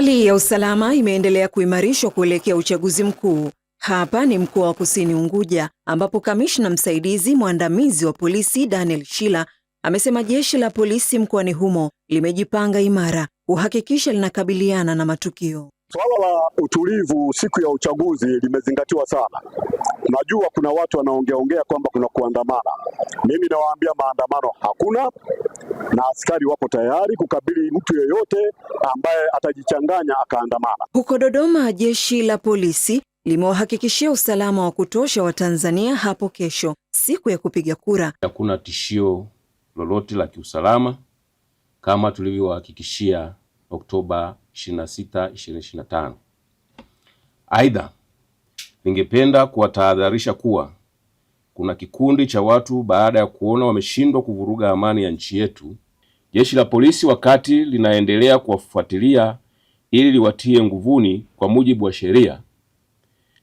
Hali ya usalama imeendelea kuimarishwa kuelekea uchaguzi mkuu. Hapa ni mkoa wa Kusini Unguja ambapo kamishna msaidizi mwandamizi wa polisi Daniel Shila amesema jeshi la polisi mkoani humo limejipanga imara kuhakikisha linakabiliana na matukio. Swala la utulivu siku ya uchaguzi limezingatiwa sana. Najua kuna watu wanaongeaongea kwamba kuna kuandamana. Mimi nawaambia maandamano hakuna, na askari wapo tayari kukabili mtu yeyote ambaye atajichanganya akaandamana. Huko Dodoma, jeshi la polisi limewahakikishia usalama wa kutosha wa Tanzania hapo kesho, siku ya kupiga kura. Hakuna tishio lolote la kiusalama kama tulivyowahakikishia Oktoba 26, 2025. Aidha, ningependa kuwatahadharisha kuwa kuna kikundi cha watu baada ya kuona wameshindwa kuvuruga amani ya nchi yetu, jeshi la polisi wakati linaendelea kuwafuatilia ili liwatie nguvuni kwa mujibu wa sheria,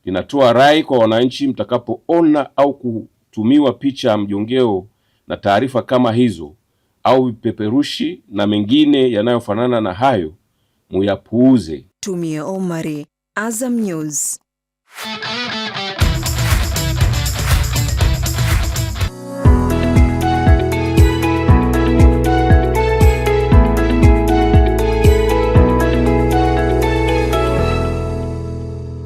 linatoa rai kwa wananchi, mtakapoona au kutumiwa picha ya mjongeo na taarifa kama hizo au vipeperushi na mengine yanayofanana na hayo, muyapuuze. Tumie Omari, Azam News.